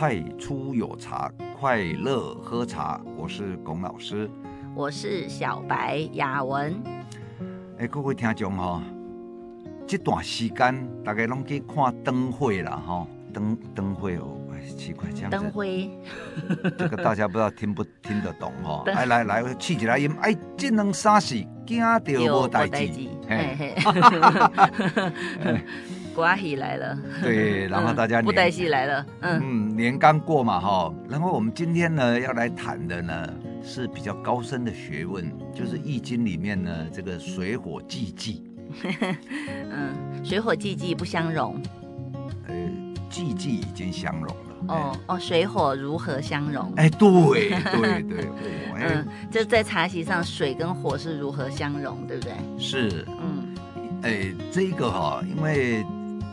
太初有茶，快樂喝茶。我是龔老師，我是小白雅文。哎，各位聽眾哈，這段時間大家攏去看燈會啦哈，燈燈會哦，奇怪這樣子。燈會火。這個大家不知道聽不， 聽，不聽得懂哈？ 來來來，唱起來音。哎， 這兩三有事驚到無代誌。哈瓜希來了，對，然後大家、嗯、不帶戲來了，嗯，嗯，年剛過嘛哈、哦，然後我們今天呢要來談的呢是比較高深的學問，就是《易經》裡面呢這個水火既濟，嗯，水火既濟不相容，呃、哎，既濟已經相融了，哎、哦哦，水火如何相融、哎哦？哎，對對對，哎，就是在茶席上水跟火是如何相融，對不對？是，嗯，哎，這個哈、哦，因為。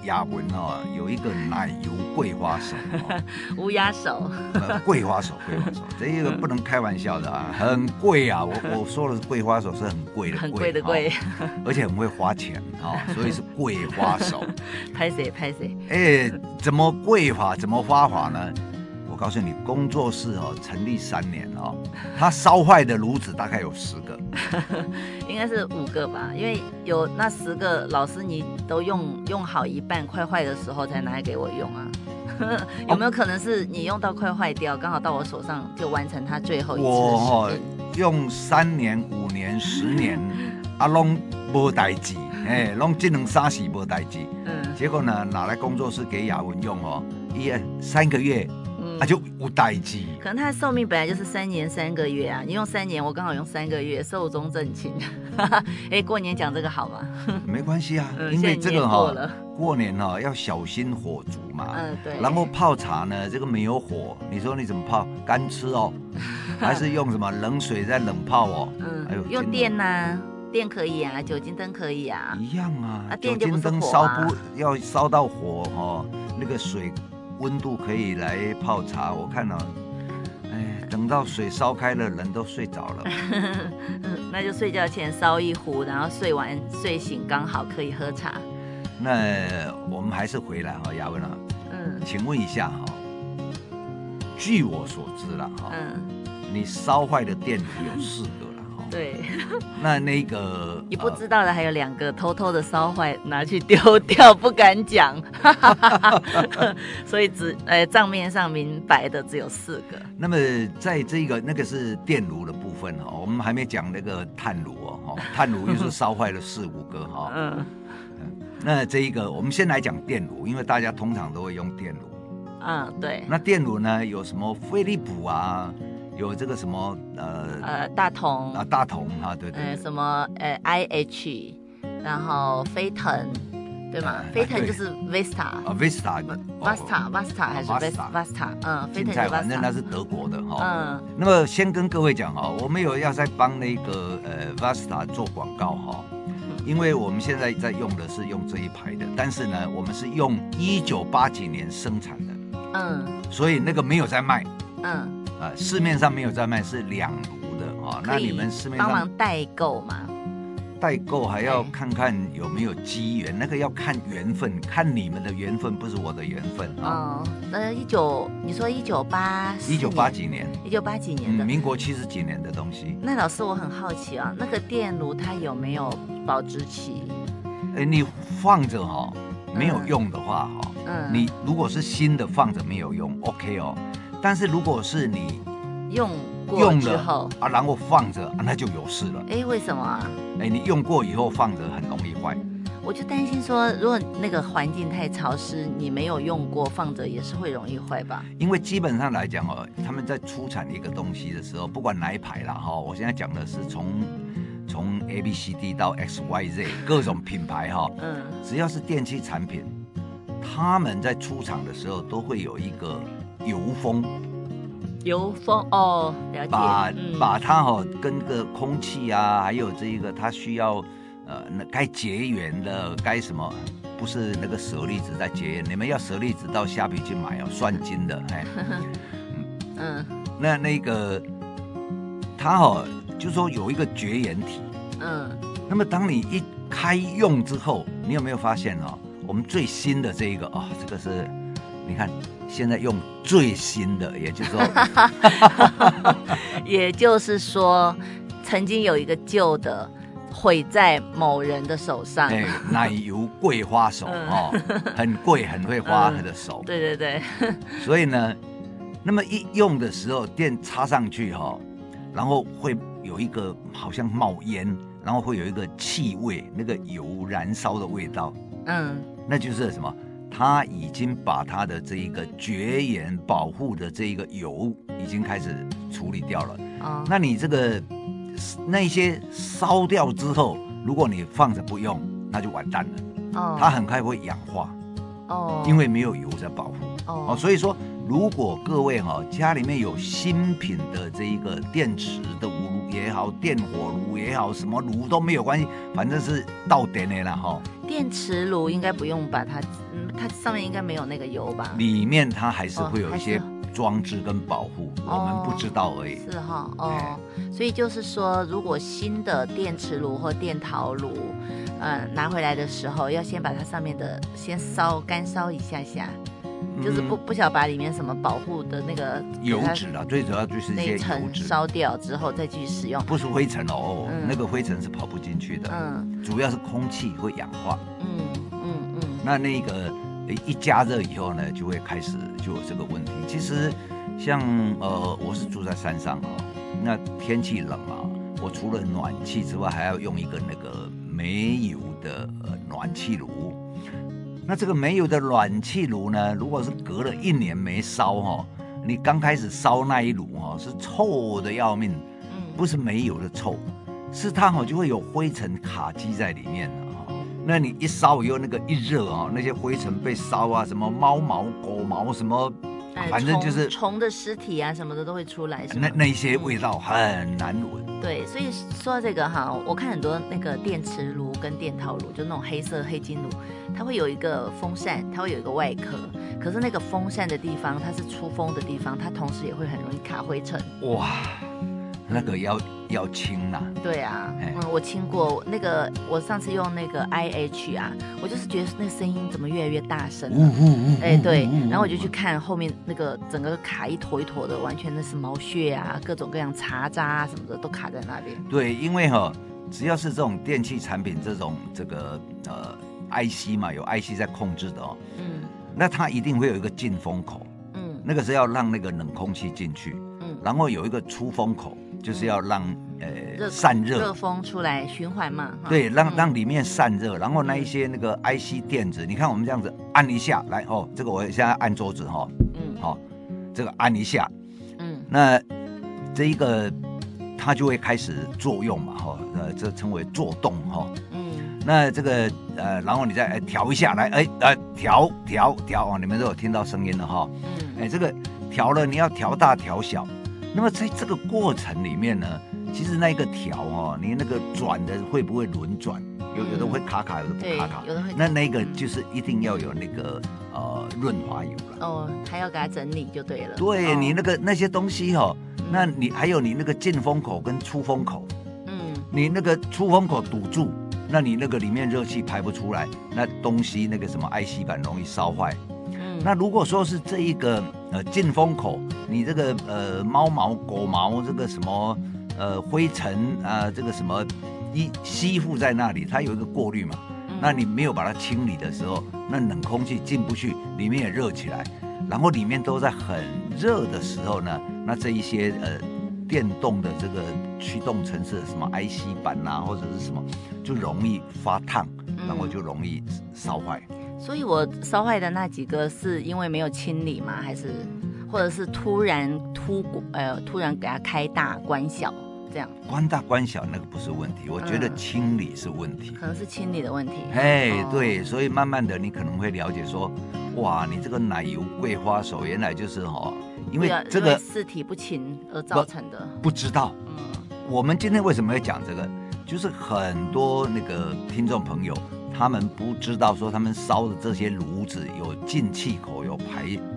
雅文哦，有一個奶油桂花手哦，烏鴉手、呃，桂花手，桂花手，這一個不能開玩笑的啊，很貴啊。我我說的是桂花手是很貴的貴，很貴的貴、哦，而且很會花錢啊、哦，所以是桂花手。拍誰拍誰？哎、欸，怎麼貴法？怎麼花法呢？ 我告訴你，工作室哦，成立三年哦，他燒壞的爐子大概有十個， 應該是五個吧，因為有那十個老師，你都用用好一半，快壞的時候才拿來給我用啊。 有沒有可能是你用到快壞掉，剛、哦、好到我手上就完成他最後一次我、哦、用三年、五年、十年 啊，攏無代志，哎，攏技能刷洗，無代志。嗯，結果呢，拿來工作室給雅文用哦，一三個月。啊，就無代誌。可能它的壽命本來就是三年三個月啊，你用三年，我剛好用三個月，壽終正寢。哎、 欸，過年講這個好嗎？ 沒關係啊，嗯、因為這個哈、哦，過了過年哈、哦、要小心火燭嘛。嗯，對。然後泡茶呢，這個沒有火，你說你怎麼泡？乾吃哦，還是用什麼 冷水再冷泡哦？嗯，還有用電呢、啊，哎、電可以啊，酒精燈可以啊。一樣啊，啊酒精燈燒、啊、不、啊、燒不要燒到火哈、哦，那個水。溫度可以來泡茶，我看到，哎，等到水燒開了，人都睡着了， 那就睡覺前燒一壺，然後睡完睡醒剛好可以喝茶。那我們還是回來哈，雅文啊，嗯，請問一下哈，據我所知了哈，你燒壞的電爐有四個。對，那那個你不知道的、呃、還有兩個偷偷的燒壞拿去丟掉，不敢講，哈哈哈哈 所以只呃賬面上明白的只有四個。那麼在這個那個是電爐的部分哦，我們還沒講那個炭爐哦，哦。炭爐又是燒壞了四 五個哈、哦，嗯，嗯，那這一個我們先來講電爐，因為大家通常都會用電爐，嗯，對。那電爐呢有什麼飛利浦啊？嗯有這個什麼呃、呃、大同啊、大同啊，對、對，什麼呃 I H，然後飛騰，對嗎？飛騰就是 Vista 啊 Vista Vista Vista 還是 Vista Vista，嗯、飛騰，反正那是德國的，哈、嗯，那麼先跟各位講啊，我們有要再幫那個呃 Vista 做廣告哈，因為我們現在在用的是用這一排的，但是呢我們是用一九八幾年生產的，嗯，所以那個沒有在賣嗯。啊、市面上沒有在賣，是兩爐的、哦、可以那你們市面幫忙代購嗎？代購還要看看有沒有機緣，對，那個要看緣分，看你們的緣分，不是我的緣分啊。哦，哦，那一九，你說一九八一九八幾年？嗯、一九八幾年的、嗯？民國七十幾年的東西。那老師，我很好奇啊、哦，那個電爐它有沒有保質期？哎、嗯，你放着哈、哦，沒有用的話哈、哦，嗯，你如果是新的放着沒有用、嗯、OK 哦。但是如果是你用了、用過之後啊，然後放着，啊、那就有事了。哎，為什麼啊？哎，你用過以後放着，很容易壞。我就擔心說，如果那個環境太潮濕，你沒有用過放着，也是會容易壞吧？因為基本上來講哦，他們在出產一個東西的時候，不管哪一牌啦哈、哦，我現在講的是從、嗯、從 A B C D 到 X Y Z 各種品牌哈、哦， 嗯，只要是電器產品。他們在出廠的時候都會有一個油封，油封哦，了解。把、嗯、把它哈、哦、跟個空氣啊，還有這一個它需要，呃，那該絕緣的該什麼，不是那個舍利子，在絕緣。你們要舍利子到蝦皮去買哦，算金的哎。嗯，那那個它哈、哦、就是、說有一個絕緣體，嗯。那麼當你一開用之後，你有沒有發現哦？我們最新的這一個啊、哦，這個是，你看，現在用最新的，也就是說， 也就是說，曾經有一個舊的毀在某人的手上。對、欸、奶油桂花手 哦，很貴，很會花他的手、 嗯。對對對。 所以呢，那麼一用的時候，電插上去哈、哦，然後會有一個好像冒煙，然後會有一個氣味，那個油燃燒的味道。嗯，那就是什麼？他已經把他的這一個絕緣保護的這一個油已經開始處理掉了。哦，那你這個那些燒掉之後，如果你放着不用，那就完蛋了。哦，它很快會氧化。哦，因為沒有油在保護。哦，哦，所以說，如果各位哈、哦、家裡面有新品的這一個電池的。也好，電火爐也好，什麼爐都沒有關係，反正是到電的了哈。電磁爐應該不用把它、嗯，它上面應該沒有那個油吧？裡面它還是會有一些裝置跟保護，哦、我們不知道而已。哦、是哈、哦，對哦，所以就是說，如果新的電磁爐或電陶爐，嗯，拿回來的時候要先把它上面的先燒乾燒一下下。就是不、嗯、不曉得把裡面什麼保護的那個、嗯、油脂啊，最主要就是一些油脂燒掉之後再繼續使用，不是灰塵哦，那個灰塵是跑不進去的。嗯，主要是空氣會氧化。嗯嗯嗯，嗯嗯，那那個一加熱以後呢，就會開始就有這個問題。其實像呃，我是住在山上哦，那天氣冷啊，我除了暖氣之外，還要用一個那個煤油的、呃、暖氣爐。那這個煤油的暖氣爐呢，如果是隔了一年沒燒哈、哦，你剛開始燒那一爐哈、哦，是臭的要命，不是煤油的臭，是它哈就會有灰塵卡積在裡面啊，那你一燒又那個一熱啊、哦，那些灰塵被燒啊，什麼貓毛、狗毛什麼。反正就是蟲的屍體啊什麼的都會出來，那，那那些味道很難聞。對，所以說到這個哈，我看很多那個電磁爐跟電陶爐，就那種黑色黑金爐，它會有一個風扇，它會有一個外殼，可是那個風扇的地方它是出風的地方，它同時也會很容易卡灰塵。哇。那個要、嗯、要清吶、啊，對啊，哎、嗯，我清過，那個我上次用那個 I H 啊，我就是覺得那聲音怎麼越來越大聲了，嗯嗯嗯，哎、嗯嗯欸、對，然後我就去看後面那個整個卡一坨一坨的，完全那是毛屑啊，各種各樣茶渣、啊、什麼的都卡在那邊。對，因為哈，只要是這種電器產品這，這種這個呃 I C 嘛，有 I C 在控制的哦，嗯，那它一定會有一個進風口，嗯，那個是要讓那個冷空氣進去，嗯，然後有一個出風口。就是要讓呃熱散熱熱熱風出來循環嘛，對，嗯、讓讓裡面散熱，然後那一些那個 IC 電子，嗯、你看我們這樣子按一下來哦，這個我現在按桌子哈，嗯，好，這個按一下，嗯，那這一個它就會開始作用嘛，哈，呃，這稱為作動哈，嗯，那這個呃，然後你再調、欸、一下來，哎、欸、呃調調調啊，你們都有聽到聲音了哈，嗯，哎、欸、這個調了你要調大調小。那麼在這個過程裡面呢，其實那個條哦、喔，嗯、你那個轉的會不會輪轉？有有的會卡卡，嗯、有的不卡卡。有的會。那那個就是一定要有那個、嗯、呃潤滑油了。哦，還要給它整理就對了。對、哦、你那個那些東西哈、喔，嗯、那你還有你那個進風口跟出風口，嗯，你那個出風口堵住，那你那個裡面熱氣排不出來，那東西那個什麼 IC 板容易燒壞。那如果說是這一個呃進風口，你這個呃貓毛、狗毛，這個什麼呃灰塵啊，這個什麼一吸、呃呃這個、附在那裡，它有一個過濾嘛。那你沒有把它清理的時候，那冷空氣進不去，裡面也熱起來。然後裡面都在很熱的時候呢，那這一些呃電動的這個驅動程式，什麼 IC 板吶、啊，或者是什麼，就容易發燙，然後就容易燒壞。所以，我燒壞的那幾個是因為沒有清理嗎？還是，或者是突然突呃突然給它開大關小這樣？關大關小那個不是問題，我覺得清理是問題。嗯、可能是清理的問題。哎、嗯，hey, 對，所以慢慢的你可能會了解說，哇，你這個奶油桂花手原來就是哦，因為這個四、啊、體不勤而造成的。不，不知道，嗯、我們今天為什麼要講這個？就是很多那個聽眾朋友，他們不知道說，他們燒的這些爐子有進氣口，有排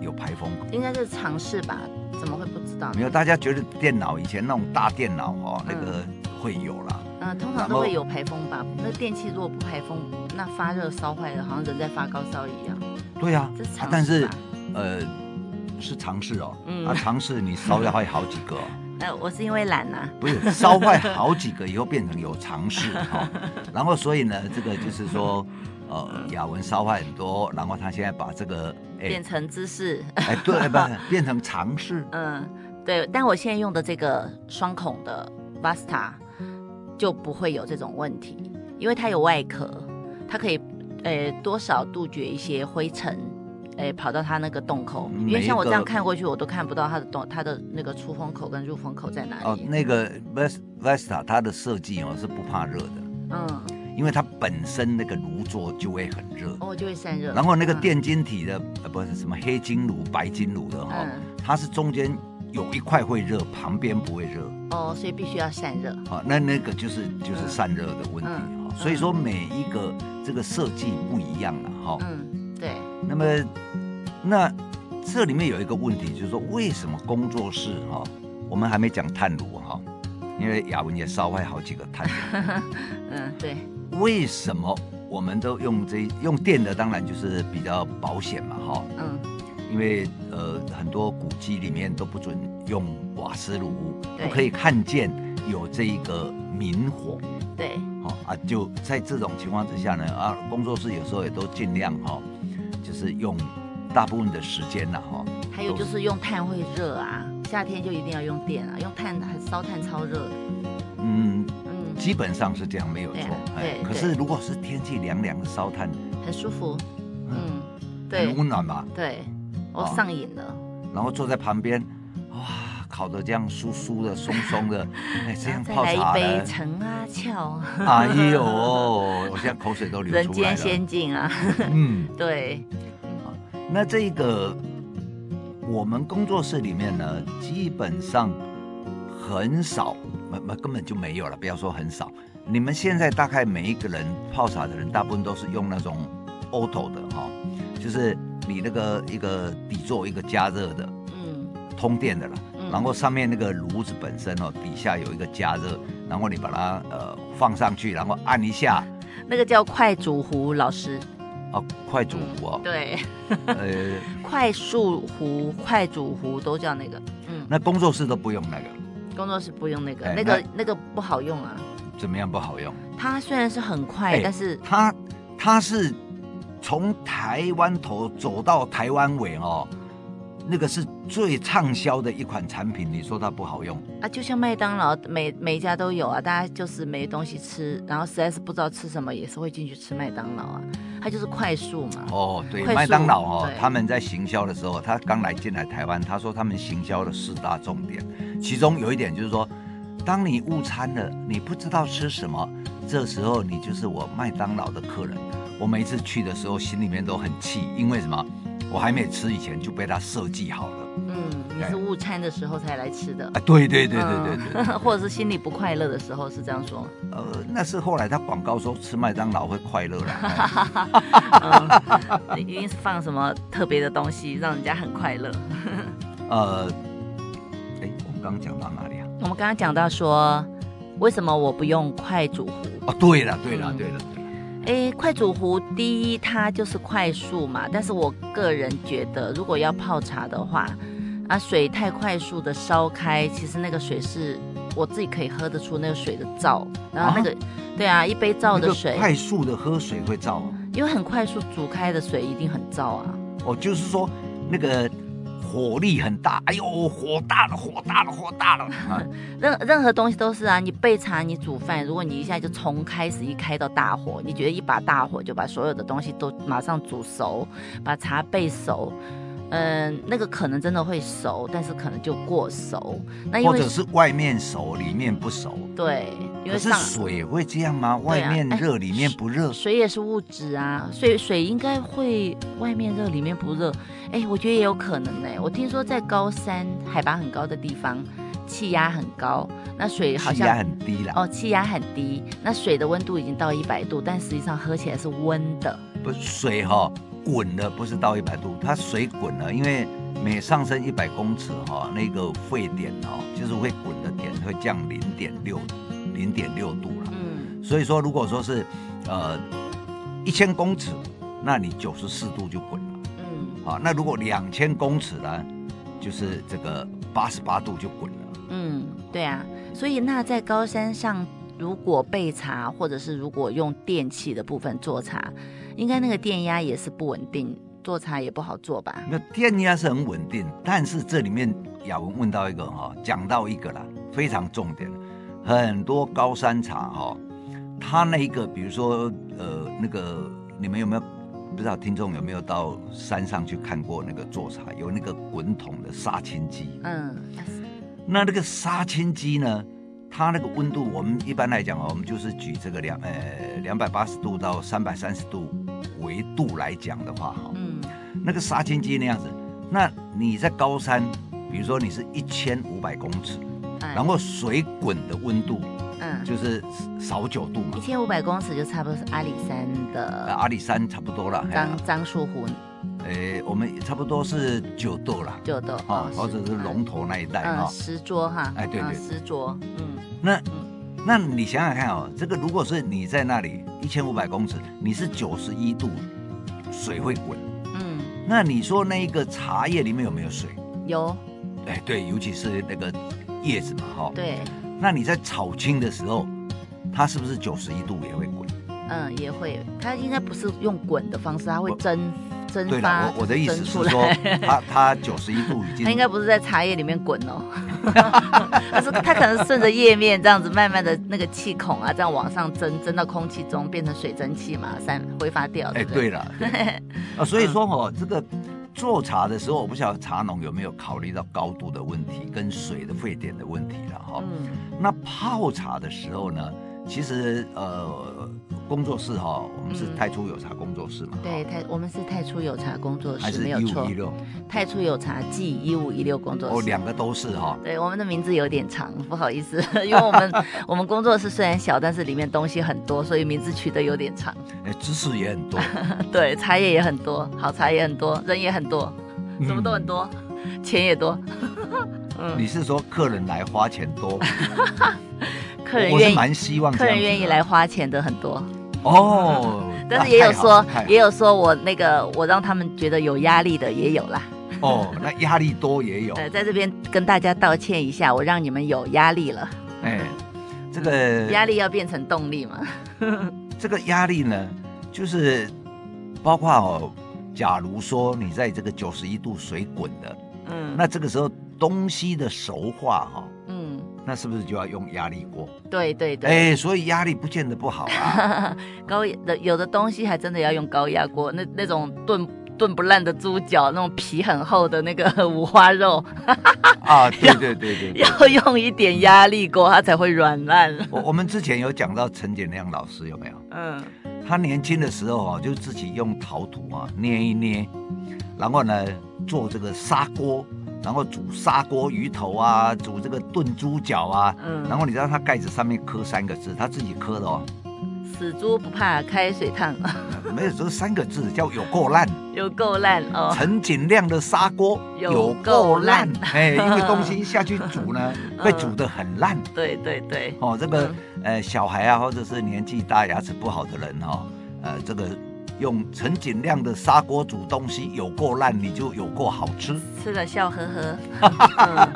有排風口，應該是常識吧？怎麼會不知道，那個？沒有，大家覺得電腦以前那種大電腦哈、哦，嗯、那個會有啦。嗯、呃，通常都會有排風吧？嗯、那電器如果不排風，那發熱燒壞了，好像人在發高燒一樣。對啊，這是常識。啊。但是，呃，是常識哦。嗯。啊，常識，你燒掉好幾個，哦。 呃，我是因為懶吶、啊，不是燒壞好幾個以後變成有常識、 哦、然後所以呢，這個就是說，呃，雅文燒壞很多，然後他現在把這個、欸、變成知識，哎、欸，對，欸、變成常識，嗯，對，但我現在用的這個雙孔的 v a s t a 就不會有這種問題，因為它有外殼，它可以呃、欸、多少杜絕一些灰塵。哎、欸，跑到它那個洞口，因為像我這樣看過去，我都看不到它的洞，它的那個出風口跟入風口在哪裡。哦、那個 Vesta 它的設計哦是不怕熱的，嗯，因為它本身那個爐座就會很熱，哦，就會散熱。然後那個電晶體的，嗯呃、不是什麼黑晶爐、白晶爐的哈、哦，嗯、它是中間有一塊會熱，旁邊不會熱。哦，所以必須要散熱。好、哦，那那個就是就是散熱的問題哈、哦，嗯嗯、所以說每一個這個設計不一樣了、啊、哈。哦、嗯。那麼，那這裡面有一個問題，就是說為什麼工作室哈、哦，我們還沒講炭爐哈，因為雅文也燒壞好幾個炭爐。 嗯，對。為什麼我們都用這用電的？當然就是比較保險嘛，哈、哦。嗯。因為呃，很多古蹟裡面都不准用瓦斯爐，對不可以看見有這一個明火。對。哈、哦、啊，就在這種情況之下呢，啊，工作室有時候也都儘量哈。哦就是用大部分的時間了哈，還有就是用炭會熱啊，夏天就一定要用電啊，用炭的燒炭超熱。嗯嗯，基本上是這樣，沒有錯。對啊，對，對，可是如果是天氣涼涼的，燒炭很舒服。嗯，對，很溫暖吧？對，我上癮了。然後坐在旁邊。烤的這樣酥酥的、鬆鬆的，哎、欸，這樣泡茶的。杯陳阿俏。哎呦，我現在口水都流出來了。人間仙境啊！嗯，對。那這個我們工作室裡面呢，基本上很少，沒沒根本就沒有了。不要說很少，你們現在大概每一個人泡茶的人，大部分都是用那種 auto 的哈，就是你那個一個底座一個加熱的，嗯，通電的了。然後上面那個爐子本身哦，底下有一個加熱，然後你把它呃放上去，然後按一下，那個叫快煮壺老師，哦，快煮壺哦、嗯，對，呃，快速壺、快煮壺都叫那個，嗯，那工作室都不用那個，工作室不用那個，哎、那個那個不好用啊，怎麼樣不好用？它雖然是很快，哎、但是它它是從台灣頭走到台灣尾哦。那個是最暢銷的一款產品，你說它不好用啊？就像麥當勞，每每一家都有啊，大家就是沒東西吃，然後實在是不知道吃什麼，也是會進去吃麥當勞啊。它就是快速嘛。哦，對，速麥當勞哦。對他們在行銷的時候，他剛來進來台灣，他說他們行銷的四大重點，其中有一點就是說，當你誤餐了，你不知道吃什麼，這時候你就是我麥當勞的客人。我每次去的時候心裡面都很氣，因為什麼？我還沒吃以前就被他設計好了，嗯，對你是午餐的時候才來吃的啊，對對對對對對、嗯，或者是心裡不快樂的時候是這樣說呃，那是後來他廣告說吃麥當勞會快樂啦，一定是放什麼特別的東西讓人家很快樂、 嗯。呃，哎、欸，我剛剛講到哪裡啊？我們剛剛講到說，為什麼我不用快煮壺？哦，對了對了對了。哎、欸，快煮壺第一，它就是快速嘛。但是我個人覺得，如果要泡茶的話，啊，水太快速的燒開，其實那個水是我自己可以喝得出那個水的燥。然後那個，啊對啊，一杯燥的水。快速的喝水會燥、哦，因為很快速煮開的水一定很燥啊。哦，就是說那個。火力很大，哎呦，火大了，火大了，火大了！任、啊、任何東西都是啊，你焙茶，你煮飯，如果你一下就從開始一開到大火，你覺得一把大火就把所有的東西都馬上煮熟，把茶焙熟。嗯，那個可能真的會熟，但是可能就過熟。那因為或者是外面熟，裡面不熟。對，因為是水會這樣嗎？外面熱，啊欸、裡面不熱？水也是物質啊，水水應該會外面熱，裡面不熱。哎、欸，我覺得也有可能呢、欸。我聽說在高山海拔很高的地方，氣壓很高，那水好像很低了。哦，氣壓很低，那水的溫度已經到一百度，但實際上喝起來是溫的。不，水哈。滾的不是到一百度，它水滾了，因為每上升一百公尺哈、哦，那個沸點哦，就是會滾的點會降零點六，零點六度了。嗯，所以說如果說是，呃，一千公尺，那你九十四度就滾了。嗯、好，那如果兩千公尺呢，就是這個八十八度就滾了。嗯，對啊，所以那在高山上。如果焙茶，或者是如果用電器的部分做茶，應該那個電壓也是不穩定，做茶也不好做吧？那電壓是很穩定，但是這裡面雅文問到一個哈、哦，講到一個啦，非常重點。很多高山茶哈、哦，他那一個，比如說呃，那個你們有沒有不知道聽眾有沒有到山上去看過那個做茶，有那個滾筒的殺青機。嗯。那那個殺青機呢？它那個溫度，我們一般來講哦，我們就是舉這個兩呃兩百八十度到三百三十度維度來講的話哈、哦，嗯，那個殺青機那樣子，那你在高山，比如說你是一千五百公尺，嗯、然後水滾的溫度，嗯，就是少九度嘛，一千五百公尺就差不多是阿里山的，啊、阿里山差不多了，樟樟樹湖。哎，我們差不多是九度啦，九度啊，或者是龍頭那一帶啊，石桌哈，哎對對，石桌，嗯，那，那你想想看哦，這個如果是你在那裡一千五百公尺，你是九十一度，水會滾，嗯，那你說那一個茶葉裡面有沒有水？有，哎對，尤其是那個葉子嘛哈，對，那你在炒青的時候，它是不是九十一度也會滾？嗯，也會，它應該不是用滾的方式，它會蒸。對，我，我的意思是說，他它九十一度已經，他應該不是在茶葉裡面滾哦，他 是他可能順着葉面這樣子慢慢的那個氣孔啊，這樣往上蒸，蒸到空氣中變成水蒸氣嘛，散揮發掉，哎、欸，對了，對 啊，所以說哦，這個做茶的時候，我不曉得茶農有沒有考慮到高度的問題跟水的沸點的問題了哈、哦。嗯、那泡茶的時候呢，其實呃。工作室哈、哦，我們是太初有茶工作室嘛？嗯、好對，太我們是太初有茶工作室，一五一六，沒錯。太初有茶記一五一六工作室，哦，兩個都是哈、哦。對，我們的名字有點長，不好意思，因為我們 我們工作室雖然小，但是裡面東西很多，所以名字取的有點長，欸。知識也很多， 對，茶葉也很多，好茶也很多，人也很多，什麼都很多，嗯、錢也多。 嗯、你是說客人來花錢多？我是蠻 願希望、啊。客人願意來花錢的很多。哦，但是也有說，也有說我那個我讓他們覺得有壓力的也有啦。哦，那壓力多也有。呃， 在這邊跟大家道歉一下，我讓你們有壓力了。哎、這個壓、嗯、力要變成動力嘛。 這個壓力呢，就是包括哦，假如說你在這個九十一度水滾的，嗯，那這個時候東西的熟化哈、哦。那是不是就要用壓力鍋？對對對，哎、欸，所以壓力不見得不好啊。高有的東西還真的要用高壓鍋，那那種燉燉不爛的豬腳，那種皮很厚的那個五花肉 要啊，對對對對，對，要用一點壓力鍋，它才會軟爛。我我們之前有講到陳景亮老師有沒有？嗯，他年輕的時候啊，就自己用陶土啊捏一捏，然後呢做這個砂鍋。然後煮砂鍋魚頭啊，煮這個燉豬腳啊，嗯，然後你知道他蓋子上面刻三個字，他自己刻的哦死豬不怕開水燙。 沒有，只有三個字叫有夠爛。有夠爛哦。陳景亮的砂鍋有夠爛，哎、欸，一個東西一下去煮呢，會 煮得很爛。嗯、對對對。哦，這個呃小孩啊，或者是年紀大牙齒不好的人哈、哦，呃這個。用陳景亮的砂鍋煮東西，有夠爛，你就有夠好吃，吃了笑呵呵。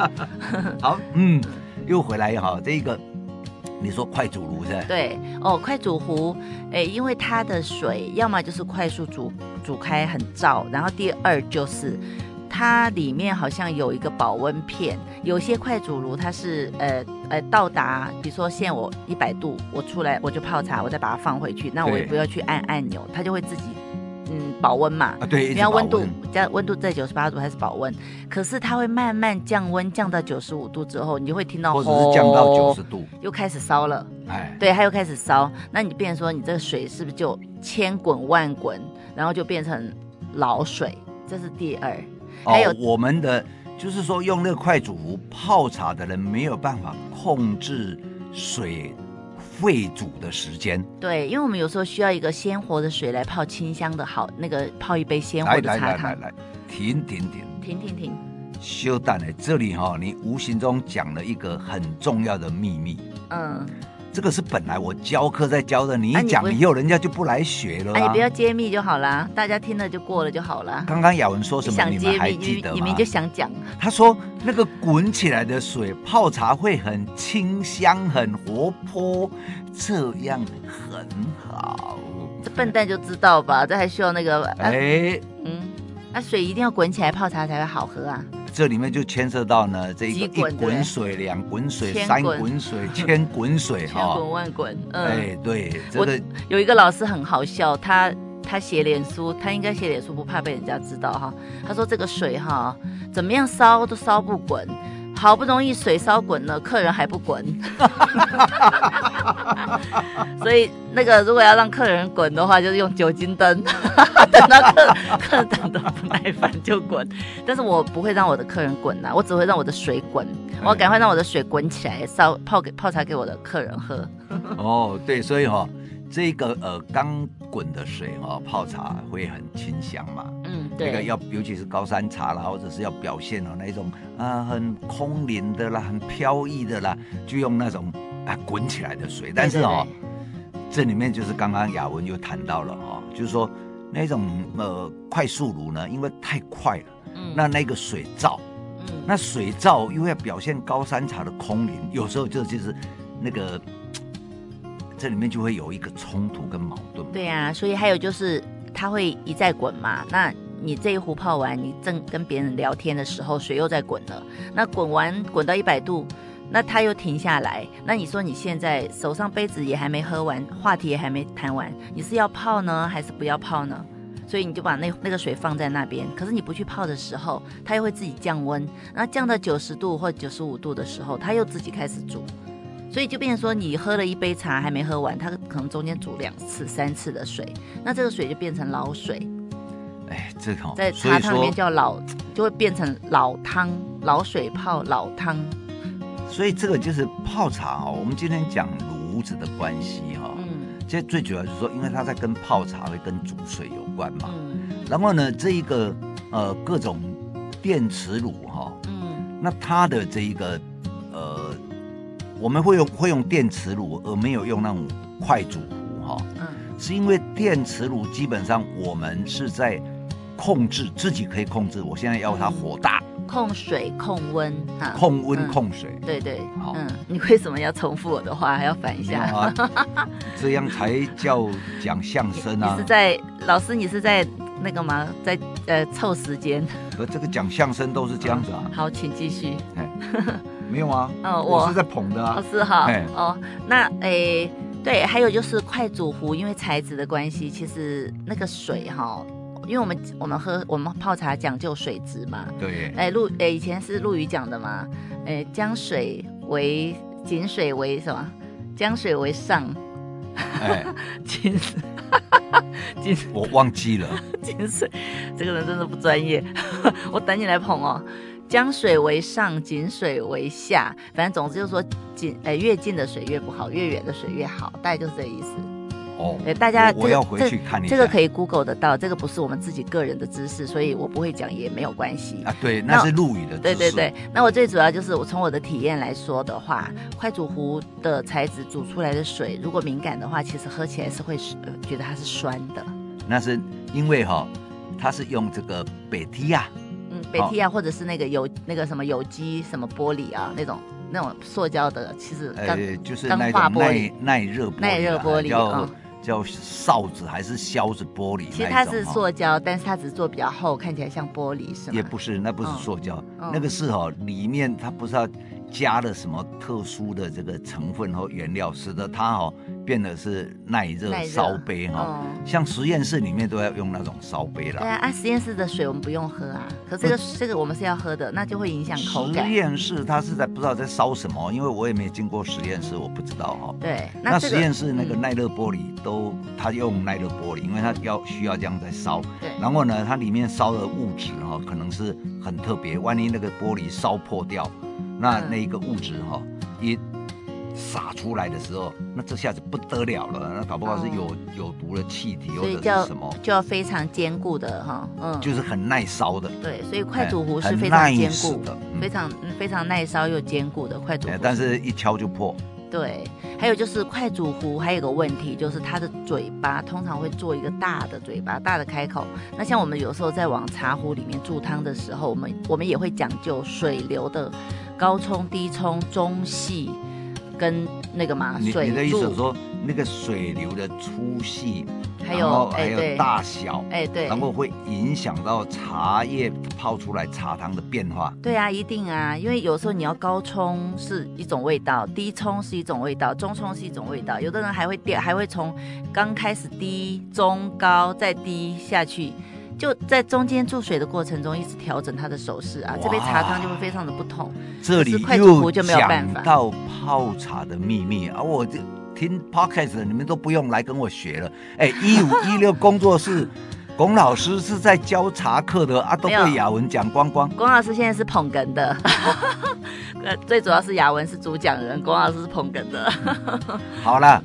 好，嗯，又回來哈、哦，這一個你說快煮爐是吧？對，哦，快煮壺，哎，因為它的水要麼就是快速煮煮開，很燥。然後第二就是。它裡面好像有一個保溫片，有些快煮爐它是呃呃到達，比如說現我一百度，我出來我就泡茶，我再把它放回去，那我也不要去按按鈕，它就會自己嗯保溫嘛。對，你要溫度加溫 H 8 度在九十八度還是保溫，可是它會慢慢降溫，降到九十五度之後，你就會聽到或者是降到九十度，哦，又開始燒了。哎，對，它又開始燒，那你變成說你這個水是不是就千滾萬滾，然後就變成老水？這是第二。哦，還有 我們的就是說，用那個快煮壺泡茶的人沒有辦法控制水沸煮的時間。對，因為我們有時候需要一個鮮活的水來泡清香的，好，那個泡一杯鮮活的茶來來來停停停停停停。修蛋呢？這裡哈、哦，你無形中講了一個很重要的秘密。嗯。這個是本來我教課在教的，你一講以後人家就不來學了，啊。哎、啊，啊，你不要揭秘就好啦，大家聽了就過了就好了。剛剛雅文說什麼？想揭秘你們還記得嗎？你們就想講。他說那個滾起來的水泡茶會很清香、很活潑，這樣很好。這笨蛋就知道吧？這還需要那個？啊、哎，嗯，那、啊、水一定要滾起來泡茶才會好喝啊。這裡面就牽涉到呢，這個一滾水、滾兩滾水、滾三滾水、千滾水哈，千滾萬滾，哎，對，真的我有一個老師很好笑，他他寫臉書，他應該寫臉書不怕被人家知道哈，他說這個水哈，怎麼樣燒都燒不滾，好不容易水燒滾了，客人還不滾。 所以那個，如果要讓客人滾的話，就是用酒精燈， 等到客 客人等得不耐煩就滾。但是我不會讓我的客人滾吶，我只會讓我的水滾。我要趕快讓我的水滾起來燒、嗯、泡給泡茶給我的客人喝。哦，對，所以哈、哦，這個呃剛滾的水哈、哦、泡茶會很清香嘛。嗯，對。那個要尤其是高山茶啦，或者是要表現哦那種啊、呃、很空靈的啦，很飄逸的啦，就用那種。啊，滾起來的水，但是哦，對對對，這裡面就是剛剛雅文又談到了哦，就是說那一種呃快速爐呢，因為太快了，嗯，那那個水燥，嗯、那水燥又要表現高山茶的空靈，有時候就就是那個這裡面就會有一個衝突跟矛盾。對呀、啊，所以還有就是它會一再滾嘛，那你這一壺泡完，你正跟別人聊天的時候，水又在滾了，那滾完滾到一百度。那他又停下來，那你說你現在手上杯子也還沒喝完，話題也還沒談完，你是要泡呢還是不要泡呢？所以你就把那那個水放在那邊。可是你不去泡的時候，它又會自己降溫。那降到九十度或九十五度的時候，它又自己開始煮，所以就變成說你喝了一杯茶還沒喝完，它可能中間煮兩次、三次的水，那這個水就變成老水。哎，這個在茶湯裡面叫老，以就會變成老湯、老水泡老、老湯。所以這個就是泡茶哦，我們今天講爐子的關係哈，嗯，其實最主要就是說，因為它在跟泡茶會跟煮水有關嘛，嗯，然後呢，這一個呃各種電磁爐哈，嗯，那它的這一個呃，我們會用會用電磁爐，而沒有用那種快煮壺哈，嗯，是因為電磁爐基本上我們是在控制自己可以控制，我現在要它火大。控水控溫啊，控溫控水，嗯，對對，好嗯，你為什麼要重複我的話，還要反一下？啊， 這樣才叫講相聲啊！欸，你是在老師，你是在那個嗎？在呃，湊時間。我這個講相聲都是這樣子啊。嗯，好，請繼續。 沒有啊， 哦，我，我是在捧的啊。老師哈，嘿哦，那哎，欸，對，還有就是快煮壺，因為材質的關係，其實那個水哈，哦。因為我們我們喝我們泡茶講究水質嘛，對耶哎，哎陸哎以前是陸羽講的嘛，哎江水為井水為什麼？江水為上，哎 井水，井我忘記了，井水這個人真的不專業，我等你來捧哦。江水為上，井水為下，反正總之就是說井哎越近的水越不好，越遠的水越好，大概就是這個意思。哦，對大家我，我要回去看這個這個。這個可以 Google 得到，這個不是我們自己個人的知識，所以我不會講也沒有關係啊。對，然後，那是陸羽的知識，哦對。對對對。那我最主要就是我從我的體驗來說的話，快煮壺的材質煮出來的水，如果敏感的話，其實喝起來是會覺得它是酸的。那是因為哈，哦，它是用這個北梯啊，嗯，北梯啊，或者是那個有那個什麼有機什麼玻璃啊，那種那種塑膠的，其實呃就是耐耐耐熱耐熱玻璃啊。叫哨子還是削子玻璃？其實它是塑膠，哦、但是它只做比較厚，看起來像玻璃，是嗎？也不是，那不是塑膠，哦、那個是哦，裡面它不是要。加了什麼特殊的這個成分和原料，使得它哦變得是耐熱燒杯哈，耐熱、哦、像實驗室裡面都要用那種燒杯了。對啊，啊，實驗室的水我們不用喝啊，可這個這個我們是要喝的，那就會影響口感。實驗室它是在不知道在燒什麼，因為我也沒經過實驗室，我不知道哈、哦。對，那、這個、那實驗室那個耐熱玻璃都、嗯、它用耐熱玻璃，因為它要需要這樣在燒。對，然後呢，它裡面燒的物質哈、哦、可能是很特別，萬一那個玻璃燒破掉。那那一個物質哈，一撒出來的時候，嗯嗯、那這下子不得了了，那搞不好是有、哦、有毒的氣體或者叫什麼就，就要非常堅固的哈，嗯，就是很耐燒的，對，所以快煮壺是非常堅固、嗯嗯、固的，非常非常耐燒又堅固的快煮壺，但是一敲就破。對，還有就是快煮壺還有個問題，就是它的嘴巴通常會做一個大的嘴巴，大的開口。那像我們有時候在往茶壺裡面注湯的時候，我們我們也會講究水流的。高沖、低沖、中細，跟那個嘛，你水柱你的意思是說那個水流的粗細，還有還有大小，哎，欸、對，欸、對，然後會影響到茶葉泡出來茶湯的變化。對啊，一定啊，因為有時候你要高沖是一種味道，低沖是一種味道，中沖是一種味道，有的人還會掉，還會從剛開始低、中、高，再低下去。就在中間注水的過程中，一直調整他的手勢啊，哇這杯茶湯就會非常的不同。這裡就就又想到泡茶的秘密，而、啊、我這聽 Podcast 你們都不用來跟我學了。哎、欸，一五一六工作室， 龔老師是在教茶課的啊，都被雅文講光光。龔老師現在是捧哏的， 最主要是雅文是主講人，龔老師是捧哏的。 好了啦，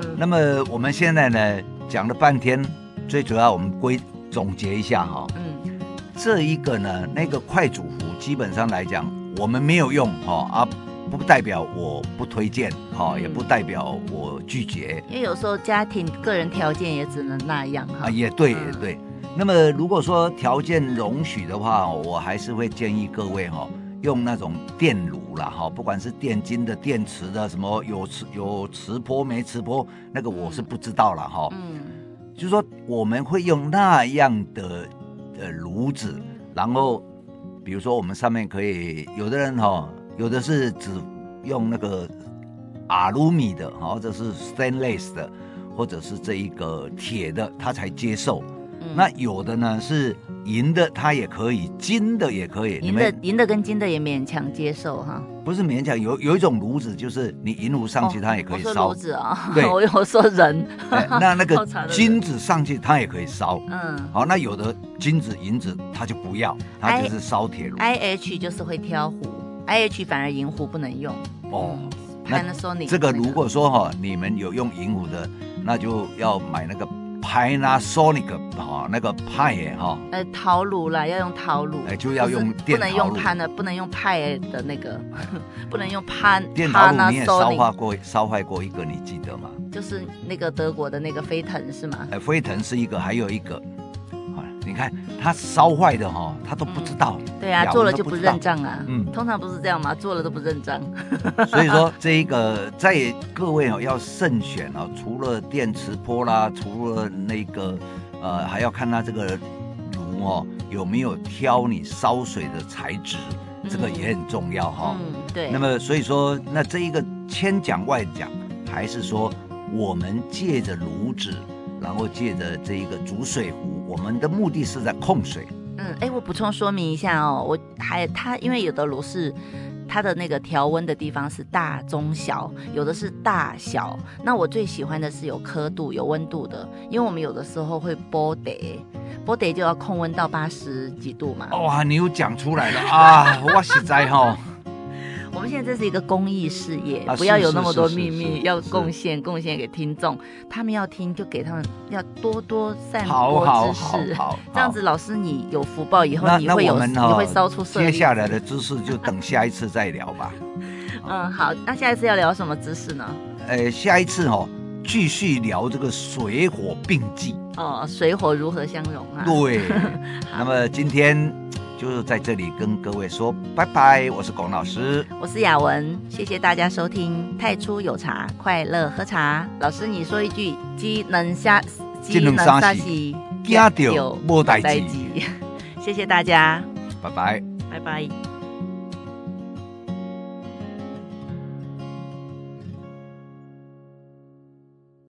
嗯、那麼我們現在呢，講了半天，最主要我們歸。總結一下哈，嗯、這一個呢，那個快煮壺基本上來講，我們沒有用哈，啊，不代表我不推薦哈，嗯、也不代表我拒絕，因為有時候家庭個人條件也只能那樣哈。啊啊、也對，嗯、也對。那麼如果說條件容許的話，我還是會建議各位哈，用那種電爐啦。哈，不管是電金的、電池的，什麼有有磁波沒磁波，嗯、那個我是不知道了哈。嗯。就是說我們會用那樣的呃爐子，嗯、然後比如說我們上面可以有的人哈、哦，有的是只用那個阿魯米的，或者是 stainless 的，或者是這一個鐵的，他才接受。嗯、那有的呢是。銀的它也可以，金的也可以。銀的銀的跟金的也勉強接受哈，不是勉強，有有一種爐子就是你銀壺上去它也可以燒。爐子啊，對，我有說人。那那個金子上去它也可以燒，嗯，好，那有的金子銀子它就不要，它就是燒鐵爐。I H 就是會挑壺，I H 反而銀壺不能用。哦，那說你這個如果說哈，你們有用銀壺的，那就要買那個。Panasonic 哈，pan asonic, 那個派、哦、哎哈，呃，陶爐啦，要用陶爐，哎，就要用電，不能用潘的，不能用派的那個，哎、 不能用潘、嗯。電陶爐你也燒壞過，Pan asonic, 燒壞過一個，你記得嗎？就是那個德國的那個飛騰是嗎？哎，飛騰是一個，還有一個。你看他燒壞的哈，他都不知道、嗯。對啊，做了就不認賬啊。嗯，通常不是這樣嗎？做了都不認賬。 所以說，這一個在各位哦要慎選哦，除了電磁波啦，除了那個呃，還要看他這個爐哦有沒有挑你燒水的材質，嗯嗯這個也很重要哈。嗯，對。那麼所以說那這一個千講萬講，還是說我們借着爐子，然後借着這一個煮水壺。我們的目的是在控水。嗯，哎、欸，我補充說明一下哦，我還它，因為有的爐是它的那個調溫的地方是大、中、小，有的是大小。那我最喜歡的是有刻度、有溫度的，因為我們有的時候會煲得，煲得就要控溫到八十幾度嘛。哇，你又講出來了 啊！我實在哈。我們現在這是一個公益事業，啊、不要有那麼多秘密，是是是是是要貢獻是貢獻給聽眾，他們要聽就給他們，要多多散播知識。好,好，好好，這樣子，老師你有福報，以後你會有，哦、你會燒出色。接下來的知識就等下一次再聊吧。 嗯，好，那下一次要聊什麼知識呢？呃，下一次哦，繼續聊這個水火並濟。哦，水火如何相容啊？對。 好那麼今天。就是在這裡跟各位說拜拜，我是龔老師，我是雅文，謝謝大家收聽太初有茶，快樂喝茶。老師你說一句，雞能下，雞能下棋，家丟莫代機，謝謝大家，拜拜，拜拜。